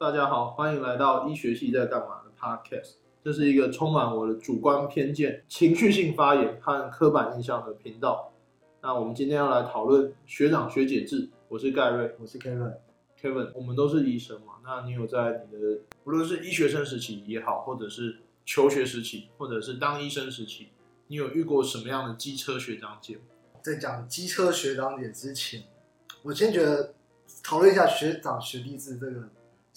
大家好，歡迎來到醫學系在幹嘛的 podcast，這是一個充滿我的主觀偏見、情緒性發言和刻板印象的頻道。那我們今天要來討論學長學姐制。我是蓋瑞，我是 Kevin，Kevin，Kevin，我們都是醫生嘛。那你有在你的無論是醫學生時期也好，或者是求學時期，或者是當醫生時期，你有遇過什麼樣的機車學長姐？在講機車學長姐之前，我先覺得討論一下學長學弟制這個。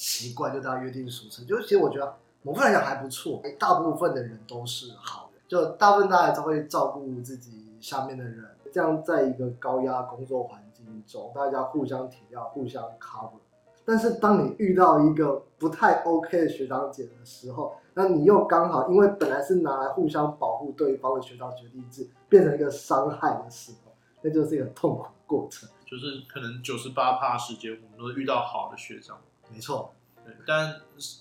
習慣就大家約定俗成，就是其實我覺得，某分來講還不錯，欸，大部分的人都是好人，就大部分大家都會照顧自己下面的人，這樣在一個高壓工作環境中，大家互相體諒，互相 cover。但是當你遇到一個不太 OK 的學長姐的時候，那你又剛好因為本來是拿來互相保護對方的學長學弟制，變成一個傷害的時候，那就是一個痛苦的過程。就是可能九十八趴時間，我們都遇到好的學長。沒錯，但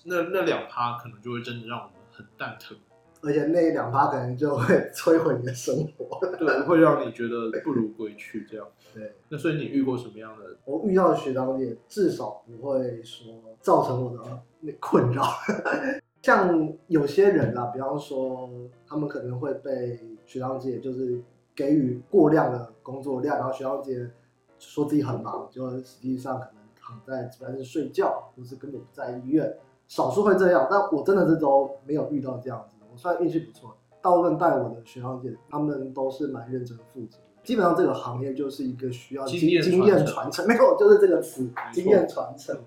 那那兩趴可能就會真的讓我們很蛋疼，而且那兩趴可能就會摧毀你的生活，對，會讓你覺得不如歸去這樣。對，對那所以你遇過什麼樣的？我遇到的學長姐至少不會說造成我的那困擾， 像有些人啊，比方說他們可能會被學長姐就是給予過量的工作量，然後學長姐說自己很忙，就實際上可能。在，主要睡覺，不、就是根本不在醫院，少數會這樣，但我真的是都沒有遇到這樣子，我算運氣不錯。大部分帶我的學校姐他們都是蠻認真負責。基本上這個行業就是一個需要經經驗傳承，傳承沒有，就是這個詞，錯經驗傳承。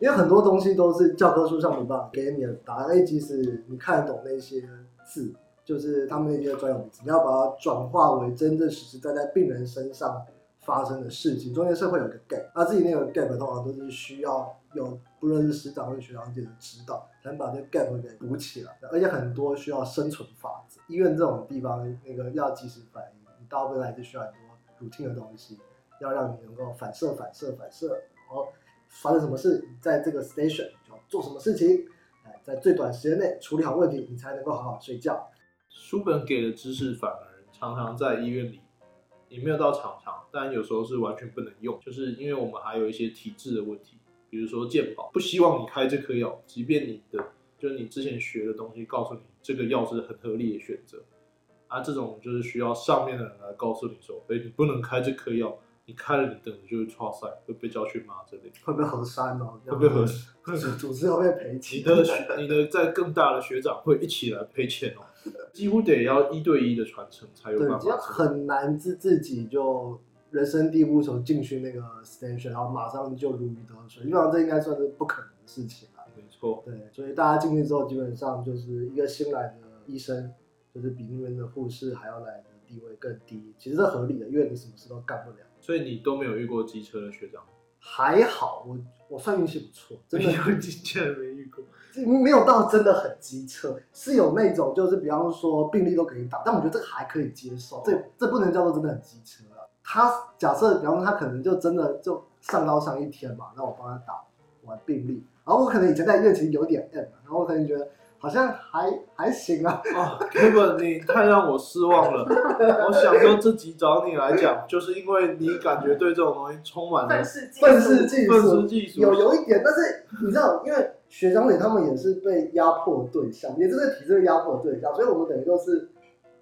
因為很多東西都是教科書上沒辦法給你的，答案 A，即使你看得懂那些字，就是他們那些專用名詞，你要把它轉化為真正實實在在病人身上發生的事情，中間社會有一個 gap，他自己那個 gap 通常都是需要有不論是師長或者學長姐的指導，才能把這 gap 給補起來。而且很多需要生存法則，醫院這種地方，那個要及時反應，大部分還是需要很多 routine 的東西，要讓你能夠反射、反射、反射。然後發生什麼事，在這個 station 就做什麼事情，在最短時間內處理好問題，你才能夠好好睡覺。書本給的知識反而常常在醫院裡。你沒有到常常，但有時候是完全不能用，就是因為我們還有一些體制的問題，比如說健保不希望你開這顆藥，即便你的就是你之前學的東西告訴你這個藥是很合理的選擇。啊，這種就是需要上面的人來告訴你說，哎、欸，你不能開這顆藥，你開了你等著就是差賽，會被叫去罵，這裡會不會好刪哦，會不會和組織要被賠錢你的，你的在更大的學長會一起來賠錢哦。幾乎得要一對一的傳承才有辦法，對，很難自自己就人生地不熟進去那個 station，然後馬上就如魚得水，基本上這應該算是不可能的事情了。沒錯，對，所以大家進去之後，基本上就是一個新來的醫生，就是比那邊的護士還要來的地位更低，其實這合理的，因為你什麼事都幹不了。所以你都沒有遇過機車的學長？還好，我我算運氣不錯，沒有機車沒遇過。 沒有到真的很機車，是有那種就是比方說病歷都可以打，但我覺得這個還可以接受。這這不能叫做真的很機車啊。他假設比方說他可能就真的就上刀上一天嘛，那我幫他打完病歷，然後我可能以前在院前有點 M，然後我可能覺得好像還還行啊。啊，哦，Kevin，你太讓我失望了。 我想用這集找你來講，就是因為你感覺對這種東西充滿了憤世嫉俗。憤世嫉俗有有一點，但是你知道因為。學長姐他們也是被壓迫的對象，也是這體制被壓迫的對象，所以我們等於都是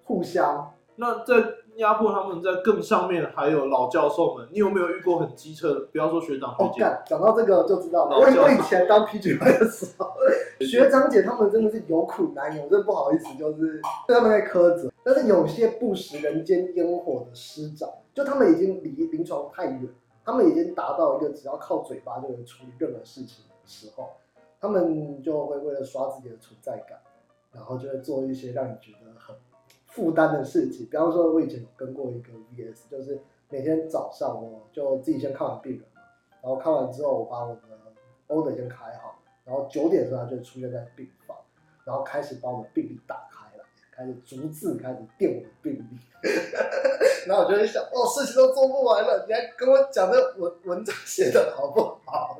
互相。那在壓迫他們，在更上面還有老教授們，你有沒有遇過很機車的？不要說學長學姐，講、哦、幹、到這個就知道了。我我以前當 PGY 的時候，學長姐他們真的是有苦難言，姐真的不好意思，就是對他們在苛責。但是有些不食人間煙火的師長，就他們已經離臨床太遠，他們已經達到一個只要靠嘴巴就能處理任何事情的時候。他們就會為了刷自己的存在感，然後就會做一些讓你覺得很負擔的事情。比方說，我以前有跟過一個 VS，就是每天早上我就自己先看完病人嘛，然後看完之後我把我的 order 先開好，然後九點鐘他就出現在病房，然後開始把我的病歷打開了，開始逐字開始電我的病歷。 然後我就會想，哦，事情都做不完了，你還跟我講那文文章寫的好不好？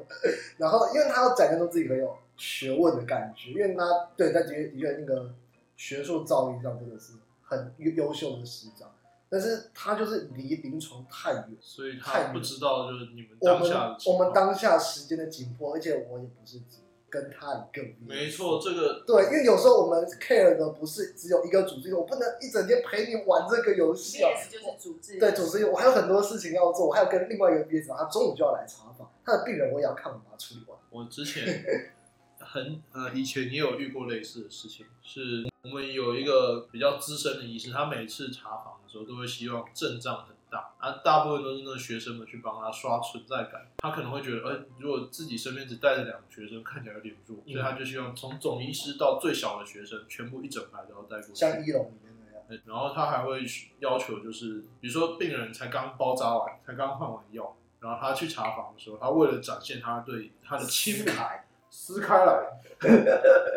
然後，因為他要展現出自己很有學問的感覺，因為他對在學那個學術造詣上真的是很優秀的師長，但是他就是離臨床太遠，太遠，所以他也不知道就是你們我們我們當下時間的緊迫，而且我也不是只跟他一個，沒錯，這個對，因為有時候我們 care 的不是只有一個主治，我不能一整天陪你玩這個遊戲，啊，對主治我還有很多事情要做，我還要跟另外一個醫生，他中午就要來查。他的病人我也要看，我把他處理完。我之前很呃，以前也有遇過類似的事情，是我們有一個比較資深的醫師，他每次查房的時候都會希望陣仗很大，啊，大部分都是那個學生們去幫他刷存在感。他可能會覺得，哎、呃，如果自己身邊只帶着兩個學生，看起來有點弱，所以他就希望從總醫師到最小的學生，全部一整排都要帶過去，像醫龍裡面那樣，欸。然後他還會要求，就是比如說病人才剛包紮完，才剛換完藥。然後他去查房的時候，他為了展現他對他的欺負，撕開來，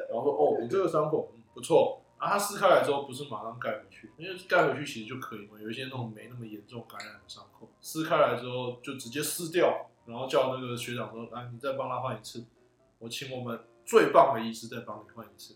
然後說：“哦，你這個傷口、嗯、不錯。啊”然後他撕開來之後不是馬上蓋回去，因為蓋回去其實就可以嘛，有一些那種沒那麼嚴重感染的傷口，撕開來之後就直接撕掉，然後叫那個學長說：“來、哎，你再幫他換一次，我請我們最棒的醫師再幫你換一次。”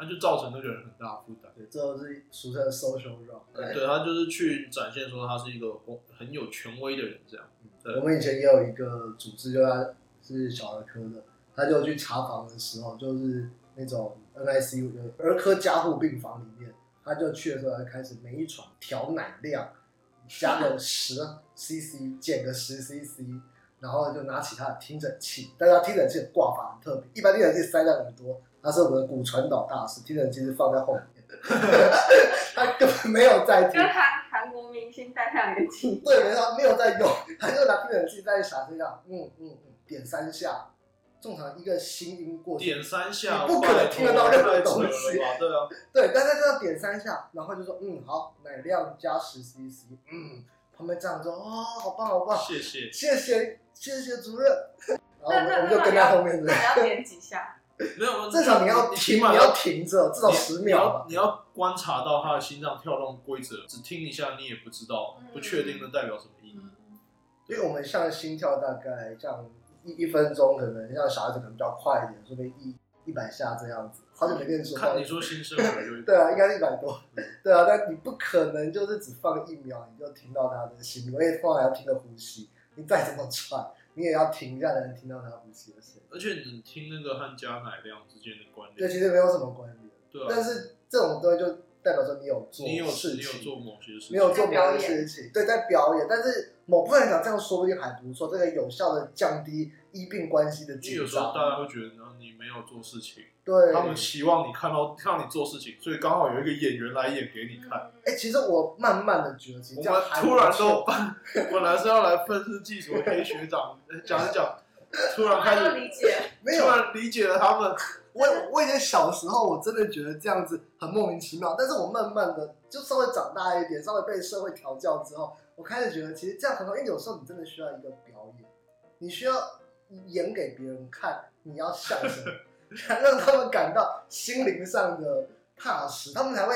那就造成那個人很大負擔。這都是俗稱“搜胸照”。對，他就是去展現說他是一個很有權威的人這樣。對我們以前也有一個主治，就他是小兒科的，他就去查房的時候，就是那種 NICU 就兒科加護病房裡面，他就去的時候，他開始每一床調奶量，加個十 CC，減個十 CC，然後就拿起他的聽診器，但他聽診器掛法很特別，一般聽診器塞在耳朵，他是我們的骨傳導大師，聽診器是放在後面的， 他根本沒有在聽。韓國明星戴上眼鏡，嗯，對，沒錯，沒有在用，他就拿聽診器在傻子上，嗯嗯嗯，點三下，正常一個心音過去，點三下，你不可能聽得到任何東西。對、啊對，啊、對，但他就要點三下，然後就說，嗯，好，奶量加十 cc，嗯，旁邊這樣說，哦，好棒，好棒，謝謝，謝謝，謝謝主任， 然後我們，我們就跟在後面，只要，吧要點幾下。沒有，正常你要停， 你，你，你要停着，至少十秒。你要觀察到他的心臟跳動規則，只聽一下你也不知道，不確定的代表什麼意義。因為我們像心跳大概像一一分鐘，可能像小孩子可能比較快一點，說不定一一百下這樣子。好久沒跟出說。看你說心聲 對啊，應該是一百多。對啊，但你不可能就是只放一秒你就聽到他的心，我也通常要聽他呼吸，你再這麼喘。你也要停一下，才能聽到他呼吸的聲音。而且你聽那個和加奶量之間的關聯，對，其實沒有什麼關聯。對啊。但是這種東西就代表說你有做事情，你有，你有做某些事情，沒有做某些事情。對，在表演。但是某部分人想這樣說不定還不錯，說這個有效的降低。醫病關係的有時候大家會覺得，然後你沒有做事情，對，他們希望你看到，讓你做事情，所以剛好有一個演員來演給你看。哎、欸，其實我慢慢的覺得，我突然說，本來是要來憤世嫉俗的，黑學長講、 欸、一講，突然開始沒有理解，突然理解了他們。有 我我以前小時候我真的覺得這樣子很莫名其妙，但是我慢慢的就稍微長大一點，稍微被社會調教之後，我開始覺得其實這樣很好，因為有時候你真的需要一個表演，你需要。演給別人看，你要像什麼，才讓他們感到心靈上的踏實， 他們才會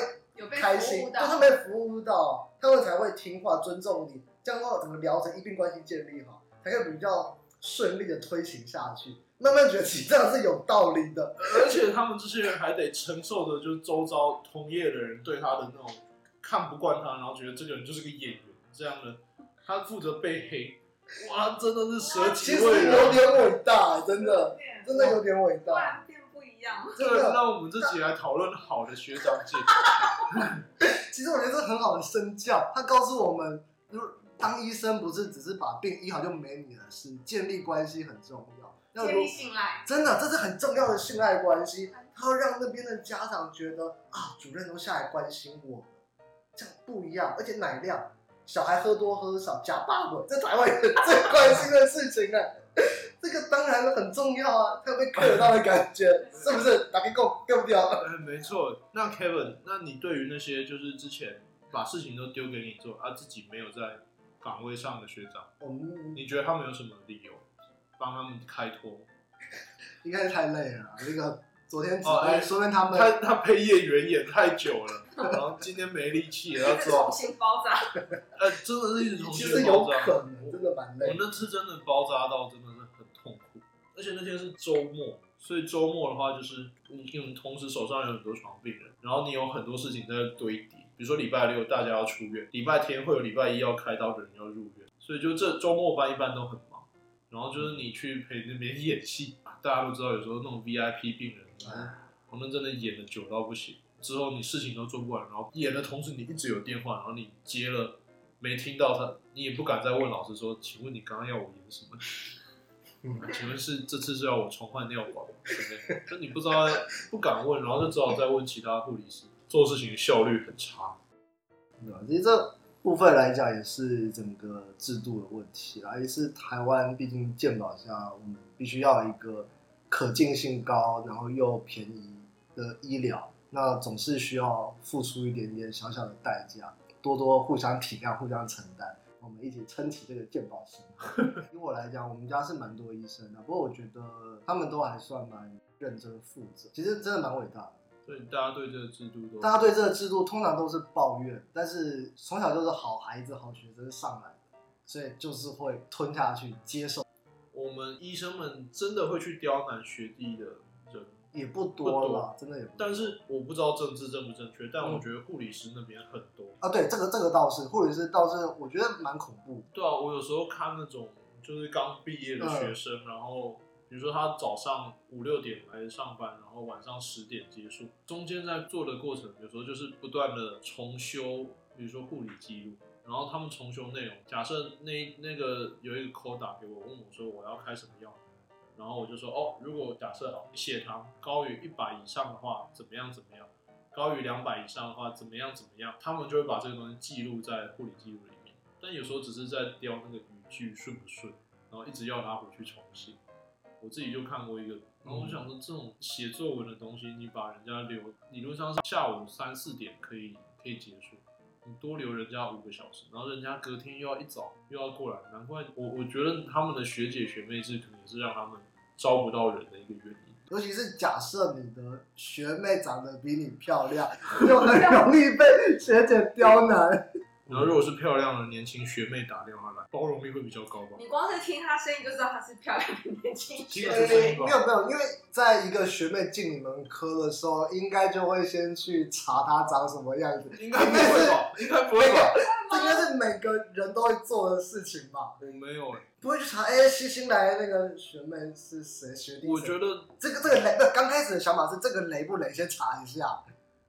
開心。就他們被服務到， 他們才會聽話、尊重你。這樣的話，我們聊着，醫病關係建立好，才會比較順利的推行下去。慢慢覺得這樣是有道理的，而且他們這些人還得承受着，就周遭同業的人對他的那種看不慣他，然後覺得這個人就是個演員這樣的，他負責被黑。哇，真的是捨己，其實有點偉大，真的，真的有點偉大。換病不一樣。這個讓我們這起來討論好的學長姐。 其實我覺得這很好的身教，他告訴我們，如當醫生不是只是把病醫好就沒你了，是建立關係很重要。建立信賴。真的，這是很重要的信賴關係。他會讓那邊的家長覺得啊，主任都下來關心我，這樣不一樣。而且奶量。小孩喝多喝少，假八鬼，這台灣人最關心的事情啊， 這個當然很重要啊，特別被坑的感覺， 是不是？打個勾，對不對、啊？嗯，沒錯。那 Kevin，那你對於那些就是之前把事情都丟給你做，而、啊、自己沒有在崗位上的學長，哦、你覺得他們有什麼理由幫他們開脫？ 應該是太累了、啊， 這個。昨天哦，哎、啊，說、欸、明他們他他陪演員演太久了， 然後今天沒力氣，然後重新包紮，哎、欸，真的是重新包紮，是有可能真的蠻累。這個、我那次真的包紮到真的是很痛苦，而且那天是週末，所以週末的話就是，因為我們同時手上有很多床病人，然後你有很多事情在堆疊，比如說禮拜六大家要出院，禮拜天會有禮拜一要開刀的人要入院，所以就這週末班一般都很忙，然後就是你去陪那邊演戲，嗯、大家都知道，有時候那種 VIP 病人。我們、嗯、真的演的久到不行，之後你事情都做不完，然後演的同時你一直有電話，然後你接了沒聽到他，你也不敢再問老師說，請問你剛剛要我演什麼？嗯，請問是這次是要我重換尿布？對不對？那 你不知道不敢問，然後就只好再問其他護理師，嗯、做事情效率很差。對啊，其實這部分來講也是整個制度的問題啦，也是台灣畢竟健保下，我們必須要一個。可及性高，然後又便宜的醫療，那總是需要付出一點點小小的代價，多多互相體諒，互相承擔，我們一起撐起這個健保署。 以我來講，我們家是蠻多醫生的，不過我覺得他們都還算蠻認真負責的，其實真的蠻偉大的。所以大家對這個制度都，大家對這個制度通常都是抱怨，但是從小就是好孩子、好學生上來的，所以就是會吞下去接受。我們醫生們真的會去刁難學弟的人，也不多吧？不多，真的也不多。但是我不知道政治正不正確，嗯、但我覺得護理師那邊很多啊。對，這個這個倒是護理師倒是我覺得蠻恐怖。對啊，我有時候看那種就是剛畢業的學生，嗯、然後比如說他早上五六點來上班，然後晚上十點結束，中間在做的過程，有時候就是不斷的重修，比如說護理記錄。然後他們重修內容，假設那那個有一個 call 打給我，問我說我要開什麼藥，然後我就說哦，如果假設血糖高於一百以上的話，怎麼樣怎麼樣？高於兩百以上的話，怎麼樣怎麼樣？他們就會把這個東西記錄在護理記錄裡面。但有時候只是在調那個語句順不順，然後一直要他回去重寫。我自己就看過一個，然後我就想說這種寫作文的東西，你把人家留，理論上是下午三四點可以可以結束，你多留人家五個小時，然後人家隔天又要一早又要過來，難怪我我覺得他們的學姐學妹制可能是讓他們招不到人的一個原因。尤其是假設你的學妹長得比你漂亮， 就很容易被學姐刁難。 然後，如果是漂亮的年輕學妹打電話來，包容力會比較高吧？你光是聽她聲音就知道她是漂亮的年輕學妹。沒有沒有，因為在一個學妹進你們科的時候，應該就會先去查她長什麼樣子。應該不會吧？應該，應該不會吧？這應該是每個人都會做的事情吧？我沒有哎、欸，不會去查哎，新新來的那個學妹是誰？學弟？我覺得這個這個雷剛開始的想法是這個雷不雷？先查一下。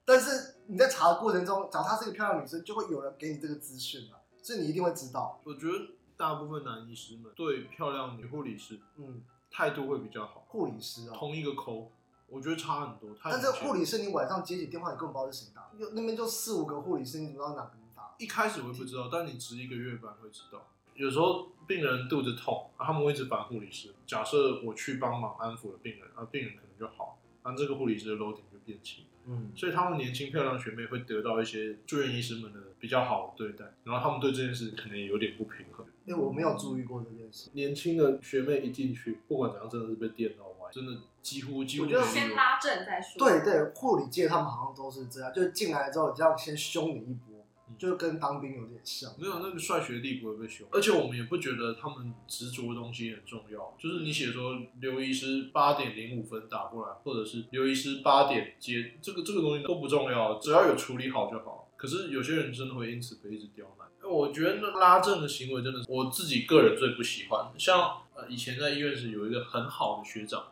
但是你在查的過程中，假如她是一個漂亮女生，就會有人給你這個資訊了，所以你一定會知道。我覺得大部分男醫師們對漂亮女護理師，嗯，態度會比較好。護理師啊，同一個 call，我覺得差很多。但這護理師，你晚上接起電話，你根本不知道是誰打，就那邊就四五個護理師，你不知道哪個人打。一開始我也不知道，但你值一個月班會知道。有時候病人肚子痛，他們會一直煩護理師。假設我去幫忙安撫了病人，啊，病人可能就好，那這個護理師的 loading 就變輕。嗯，所以他們年輕漂亮學妹會得到一些住院醫師們的比較好的對待，然後他們對這件事可能也有點不平衡，因為我沒有注意過這件事。嗯，年輕的學妹一進去，不管怎樣，真的是被電到歪，真的幾乎幾乎就。我覺得先拉正再說。對、對對，護理界他們好像都是這樣，就是進來之後就要先兇你一波。就跟當兵有點像，沒有那個帥學歷不會被凶，而且我們也不覺得他們執着的東西很重要。就是你寫說劉醫師八點零五分打過來，或者是劉醫師八點接這個這個東西都不重要，只要有處理好就好。可是有些人真的會因此被一直刁難。我覺得那拉正的行為真的是我自己個人最不喜歡。像呃以前在醫院時有一個很好的學長，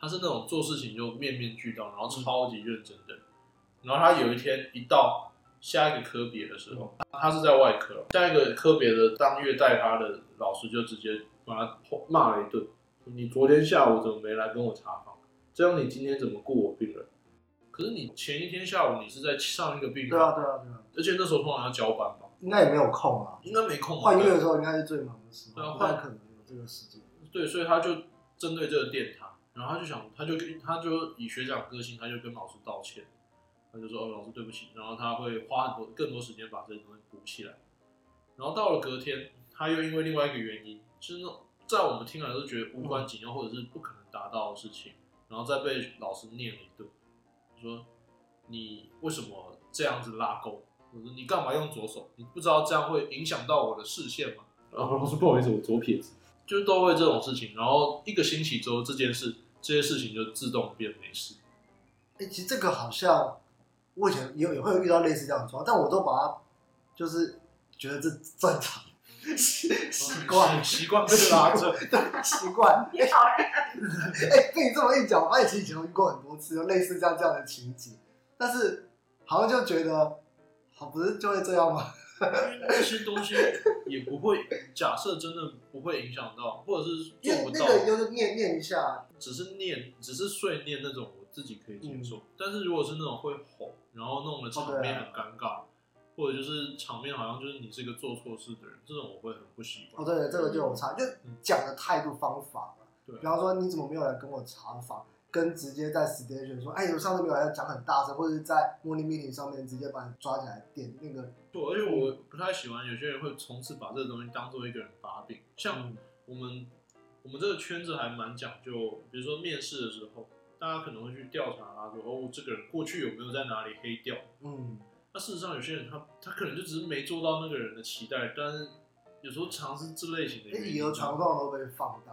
他是那種做事情就面面俱到，然後超級認真的。然後他有一天一到。下一個科別的時候，嗯、他是在外科。下一個科別的當月帶他的老師就直接把他罵了一頓：“嗯、你昨天下午怎麼沒來跟我查房？這樣你今天怎麼顧我病人？”可是你前一天下午你是在上一個病人。啊，對啊對啊對啊，而且那時候通常要交班吧，應該也沒有空啊，應該沒空。換月的時候應該是最忙的時候，對啊，不太可能有這個時間。對，所以他就針對這個電台，然後他就想，他就跟他就以學長個性，他就跟老師道歉。他就說：“哦，老師，對不起。”然後他會花很多更多時間把這些東西補起來。然後到了隔天，他又因為另外一個原因，就是那在我們聽來都覺得無關緊要或者是不可能達到的事情，然後再被老師念了一頓，就是、說：“你為什麼這樣子拉勾？我說你幹嘛用左手？你不知道這樣會影響到我的視線嗎？”然後老師，不好意思，我左撇子，就是都會這種事情。然後一個星期之後，這件事這些事情就自動變沒事。哎、欸，其實這個好像。我以前也也會遇到類似這樣的狀況，但我都把它就是覺得這正常，習慣習慣。是啊，習慣。哎、被、欸、你這麼一講，我發現以前過很多次，就類似這樣這樣的情景，但是好像就覺得，好不是就會這樣嗎？因為那些東西也不會， 假設真的不會影響到，或者是做不到，那個就是念念一下，啊，只是念，只是碎念那種，我自己可以接受。嗯、但是如果是那種會哄。然後弄得場面很尷尬。哦、或者就是場面好像就是你是一個做錯事的人，這種我會很不習慣。哦，對，這個就有差，嗯、就你講的態度方法。對，比方說你怎麼沒有來跟我查房，跟直接在 station 說，嗯、哎，我上次沒有來講很大聲，或者在 morning meeting 上面直接把你抓起來點那個。對，而且我不太喜歡有些人會從此把這個東西當做一個人把柄。像我們、嗯、我們這個圈子還蠻講究，比如說面試的時候。大家可能會去調查啊，說哦，這個人過去有沒有在哪裡黑掉？嗯，那事實上有些人他他可能就只是沒做到那個人的期待，但是有時候嘗試這類型的理。哎，以訛傳訛都被放大，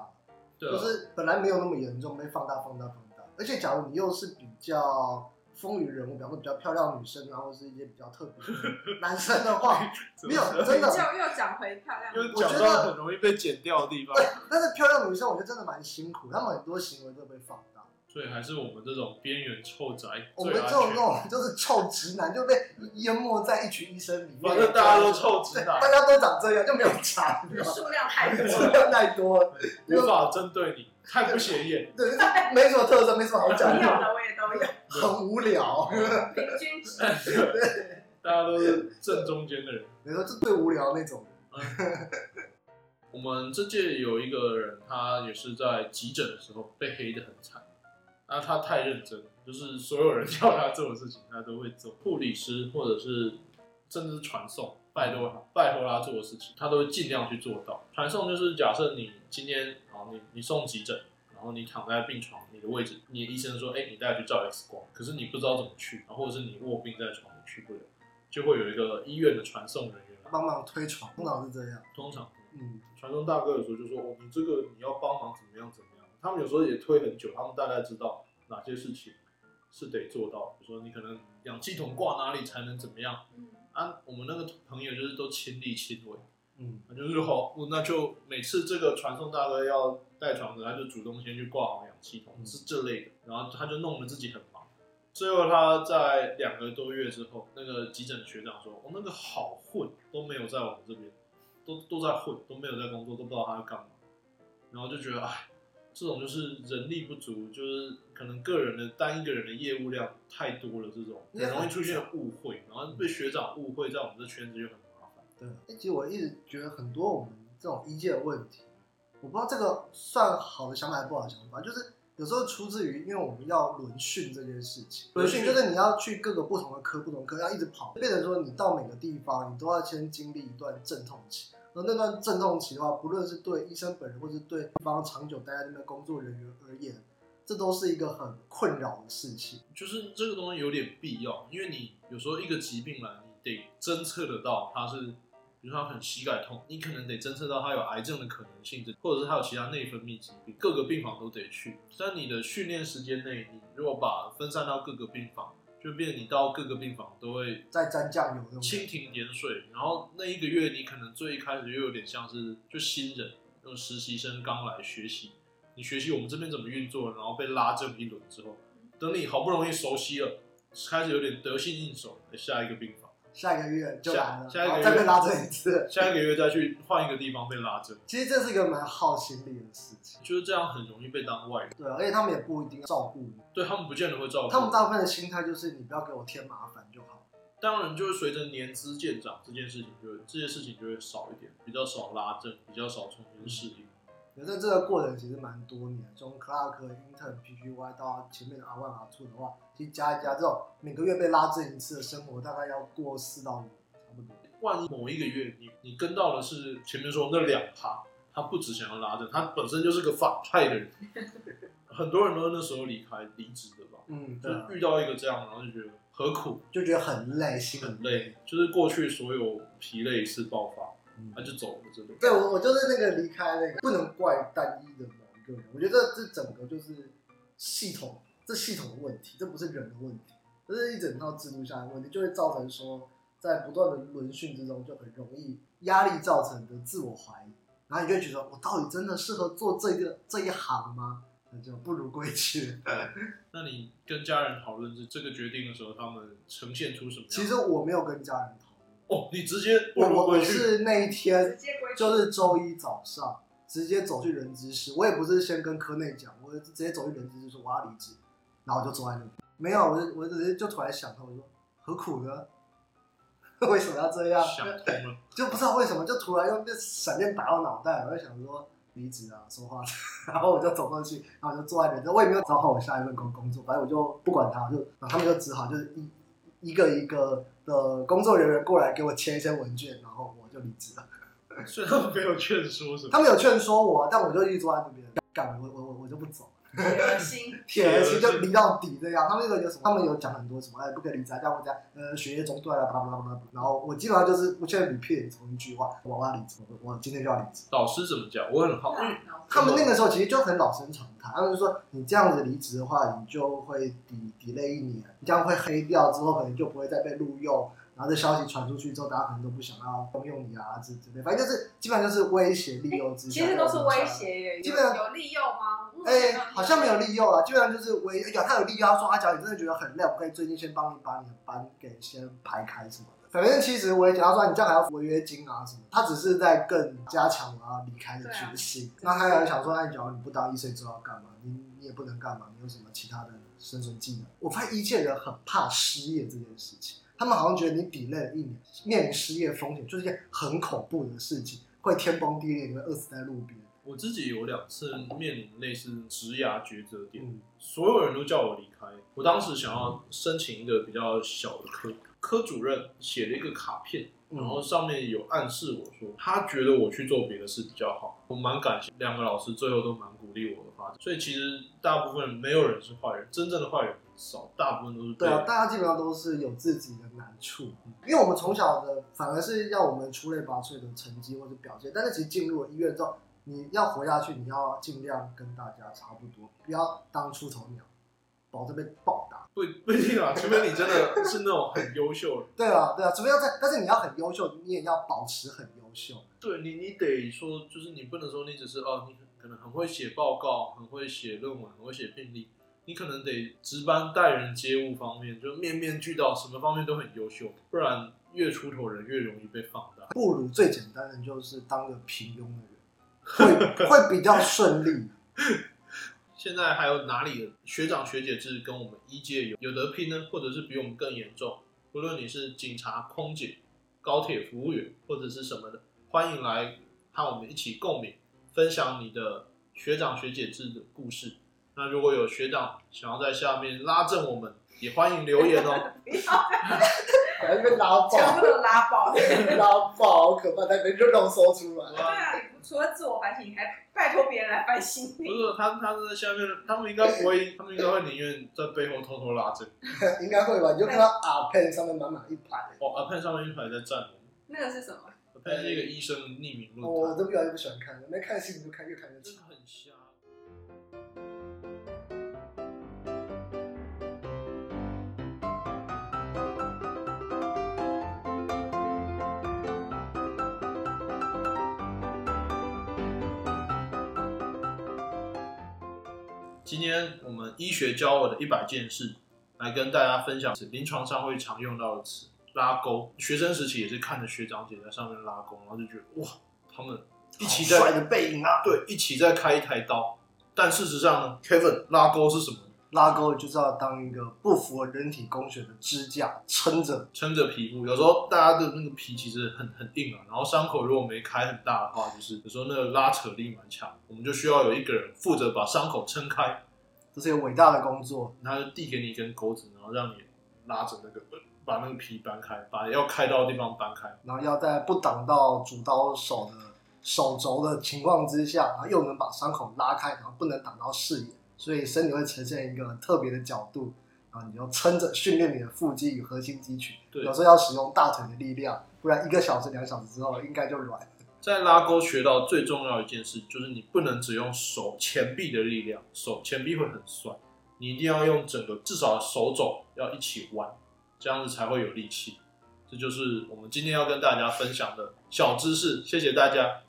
對，就是本來沒有那麼嚴重，被放大放大放大。而且假如你又是比較風雲人物，比方說比較漂亮女生啊，或是一些比較特別的男生的話，沒有真的又講回漂亮女生，我覺得很容易被剪掉的地方。對但是漂亮女生我覺得真的蠻辛苦，她對們很多行為都被放大。對，還是我們這種邊緣臭宅，我們這種這種就是臭直男，就被淹沒在一群醫生裡面。反正大家都臭直男，大家都長這樣，就沒有差。數量太多，數量太多，無法針對你，太不顯眼，對，沒什麼特色，沒什麼好講。有的我也很無聊，平均值。對，大家都是正中間的人，你說這最無聊那種。我們這屆有一個人，他也是在急診的時候被黑的很慘。那、啊、他太認真了，就是所有人叫他做的事情，他都會做。護理師或者是甚至是傳送，拜托拜託他做的事情，他都會盡量去做到。傳送就是假設你今天啊，你你送急診，然後你躺在病床，你的位置，你的醫生說，哎、欸，你帶去照 X 光，可是你不知道怎麼去，然後或者是你臥病在床，你去不了，就會有一個醫院的傳送人員幫忙推床。通常是這樣，通常嗯，傳送大哥有時候就說，哦，你這個你要幫忙怎麼樣怎麼。他們有時候也推很久，他們大概知道哪些事情是得做到。比如說，你可能氧氣筒掛哪裡才能怎麼樣？嗯，啊，我們那個朋友就是都親力親為，嗯，然後就是好，那就每次這個傳送大哥要帶床子，他就主動先去掛好氧氣筒，是這類的。然後他就弄得自己很忙。最後他在兩個多月之後，那個急診學長說：“我、哦、那個好混，都沒有在我們這邊，都都在混，都沒有在工作，都不知道他要幹嘛。”然後就覺得哎。唉這種就是人力不足，就是可能個人的單一個人的業務量太多了，這種很容易出現誤會，然後被學長誤會，在我們的圈子又很麻煩。對、欸，其實我一直覺得很多我們這種醫界的問題，我不知道這個算好的想法還是不好的想法，就是有時候出自於因為我們要輪訓這件事情，輪訓就是你要去各個不同的科，不同科要一直跑，變成說你到每個地方你都要先經歷一段陣痛期。而那段陣痛期的話，不論是對醫生本人，或是對方長久待在那邊工作人員而言，這都是一個很困擾的事情。就是這個東西有點必要，因為你有時候一個疾病嘛，你得偵測得到它，是，比如說它很膝蓋痛，你可能得偵測到它有癌症的可能性，或者是它有其他內分泌疾病，各個病房都得去。在你的訓練時間內，你如果把分散到各個病房，就變，順便你到各個病房都會再沾醬油，蜻蜓點水。然後那一個月，你可能最一開始又有點像是就新人，那種實習生剛來學習，你學習我們這邊怎麼運作，然後被拉這麼一輪之後，等你好不容易熟悉了，開始有點得心應手，欸、下一個病房。下一個月就來了，下一個月，再被拉正一次。下一個月再去換一個地方被拉正， 其實這是一個蠻耗心力的事情。就是這樣，很容易被當外人。對啊，而且他們也不一定要照顧你。對，他們不見得會照顧。他們大部分的心態就是你不要給我添麻煩就好。當然，就是隨着年資漸長，這件事情就會，這些事情就會少一點，比較少拉正，比較少重新適應。嗯覺得這個過程其實蠻多年，從 Clark Intern PGY 到前面的 R1 R2 的話，其實加一加之後，每個月被拉正一次的生活，大概要過四到五，差不多。萬一某一個月你你跟到的是前面說那兩趴，他不只想要拉正，他本身就是個反派的人。 很多人都是那時候離開離職的吧？嗯， 就遇到一個這樣，然後就覺得何苦，就覺得很累，心很累，很累，就是過去所有疲累一次爆發。他、嗯啊、就走了，走了對，對我我就是那個離開那個，不能怪單一的某一個人，我覺得這整個就是系統，這系統的問題，這不是人的問題，這是一整套制度下的問題，就會造成說，在不斷的輪訓之中，就很容易壓力造成的自我懷疑，然後你就覺得說我到底真的適合做這個這一行嗎？那就不如歸去、嗯。那你跟家人討論這這個決定的時候，他們呈現出什麼樣？其實我沒有跟家人。哦，你直接握握我我我是那一天，就是週一早上直接走去人資室，我也不是先跟科內講，我直接走去人資室說我要離職，然後我就坐在那裡，沒有，我就我直接就突然想通，我說何苦呢？為什麼要這樣？想了就不知道為什麼就突然用這閃電打到腦袋，我就想說離職啊，說話，然後我就走過去，然後我就坐在那邊，我也沒有找好我下一份工工作，反正我就不管他，就然後他們就只好就一一個一個，的工作人員過來給我簽一些文件，然後我就離職了。 所以他們沒有勸說，什麼， 他們有勸說我、啊，但我就一直坐安那邊，幹我我我我就不走。鐵心，鐵心，心就離到底的樣。他們那個有什麼？他們有講很多什麼？哎、欸，不可以離職，叫我講呃，血液中斷了，巴拉巴拉。然後我基本上就是，我現在 repeat 同一句話，我要離職，我今天就要離職。導師怎麼講？我很好、啊，嗯、師他們那個時候其實就很老生常談。他們就說，你這樣子離職的話，你就會抵抵 delay、嗯、一年，你這樣會黑掉之後，可能就不會再被錄用。然後這消息傳出去之後，大家可能都不想要動用你啊，之類反正就是基本上就是威脅、利誘之下、欸。其實都是威脅，基本上有，有利誘嗎？哎、欸，好像沒有利誘了，基本上就是我，哎有，他有利誘，他說阿嬌你真的覺得很累，我可以最近先幫你把你的班給先排開什麼的。反正其實我也講他說你這樣還要違約金啊什麼。他只是在更加強我要離開的決心。啊就是、那他有想說，你假如你不當醫生，之後要幹嘛？你你也不能幹嘛？你有什麼其他的生存技能？我發現醫界人很怕失業這件事情，他們好像覺得你 delay 了一年，面臨失業風險，就是一件很恐怖的事情，會天崩地裂，你會餓死在路邊。我自己有兩次面臨類似職涯抉擇點，嗯、所有人都叫我離開。我當時想要申請一個比較小的科，科主任寫了一個卡片，然後上面有暗示我說他覺得我去做別的事比較好。我蠻感謝兩個老師，最後都蠻鼓勵我的發展。所以其實大部分沒有人是壞人，真正的壞人少，大部分都是對啊，大家基本上都是有自己的難處。因為我們從小的反而是要我們出類拔萃的成績或者表現，但是其實進入了醫院之後。你要活下去，你要盡量跟大家差不多，不要當出頭鳥，保證被暴打。不，不一定啊，除非你真的是那種很優秀的。 對啊，對啊，除非要在，但是你要很優秀，你也要保持很優秀。對，你，你得說，就是你不能說你只是哦、啊，你可能很會寫報告，很會寫論文，很會寫病歷，你可能得值班待人接物方面就面面俱到，什麼方面都很優秀，不然越出頭人越容易被放大。不如最簡單的就是當個平庸的人。會,會比較順利。 現在還有哪裡學長學姐制跟我們一屆有有得拼呢？嗯、或者是比我們更嚴重？無論你是警察、空姐、高鐵服務員，或者是什麼的，歡迎來和我們一起共鳴，分享你的學長學姐制的故事。那如果有學長想要在下面拉正我們，也歡迎留言哦。 不要 全部都拉爆！拉爆好可怕，他就這樣說出來了。對啊，除了自我反省，你還拜託別人來拜省。不是他，他是在下面，他們應該不會，他們應該會寧願在背後偷偷拉着。個。 應該會吧？你就看到阿佩上面滿滿一排。哦，阿佩上面一排在站。那個是什麼？阿那個是一個醫生匿名論壇。哦。我都不不喜歡看，那看心情就看，就看，就看，就看，越看越氣。今天我們醫學教我的一百件事，來跟大家分享是臨床上會常用到的詞“拉鈎”。學生時期也是看着學長姐在上面拉鈎，然後就覺得哇，他們一起在好帥的背影啊！對，一起在開一台刀。但事實上呢，Kevin，拉鈎是什麼？拉鈎就是要當一個不符合人體工學的支架撐着撐着皮膚，有時候大家的那個皮其實很很硬啊，然後傷口如果沒開很大的話，就是有時候那個拉扯力蠻強，我們就需要有一個人負責把傷口撐開，這是一個偉大的工作。他就遞給你一根鈎子，然後讓你拉着那個把那個皮扳開，把要開刀的地方扳開，然後要在不擋到主刀手的手肘的情況之下，然後又能把傷口拉開，然後不能擋到視野。所以身體會呈現一個很特別的角度，然後你就撐着訓練你的腹肌與核心肌群。對，有時候要使用大腿的力量，不然一個小時、兩個小時之後應該就軟了。在拉鈎學到最重要的一件事，就是你不能只用手前臂的力量，手前臂會很痠，你一定要用整個，至少手肘要一起彎，這樣子才會有力氣。這就是我們今天要跟大家分享的小知識，謝謝大家。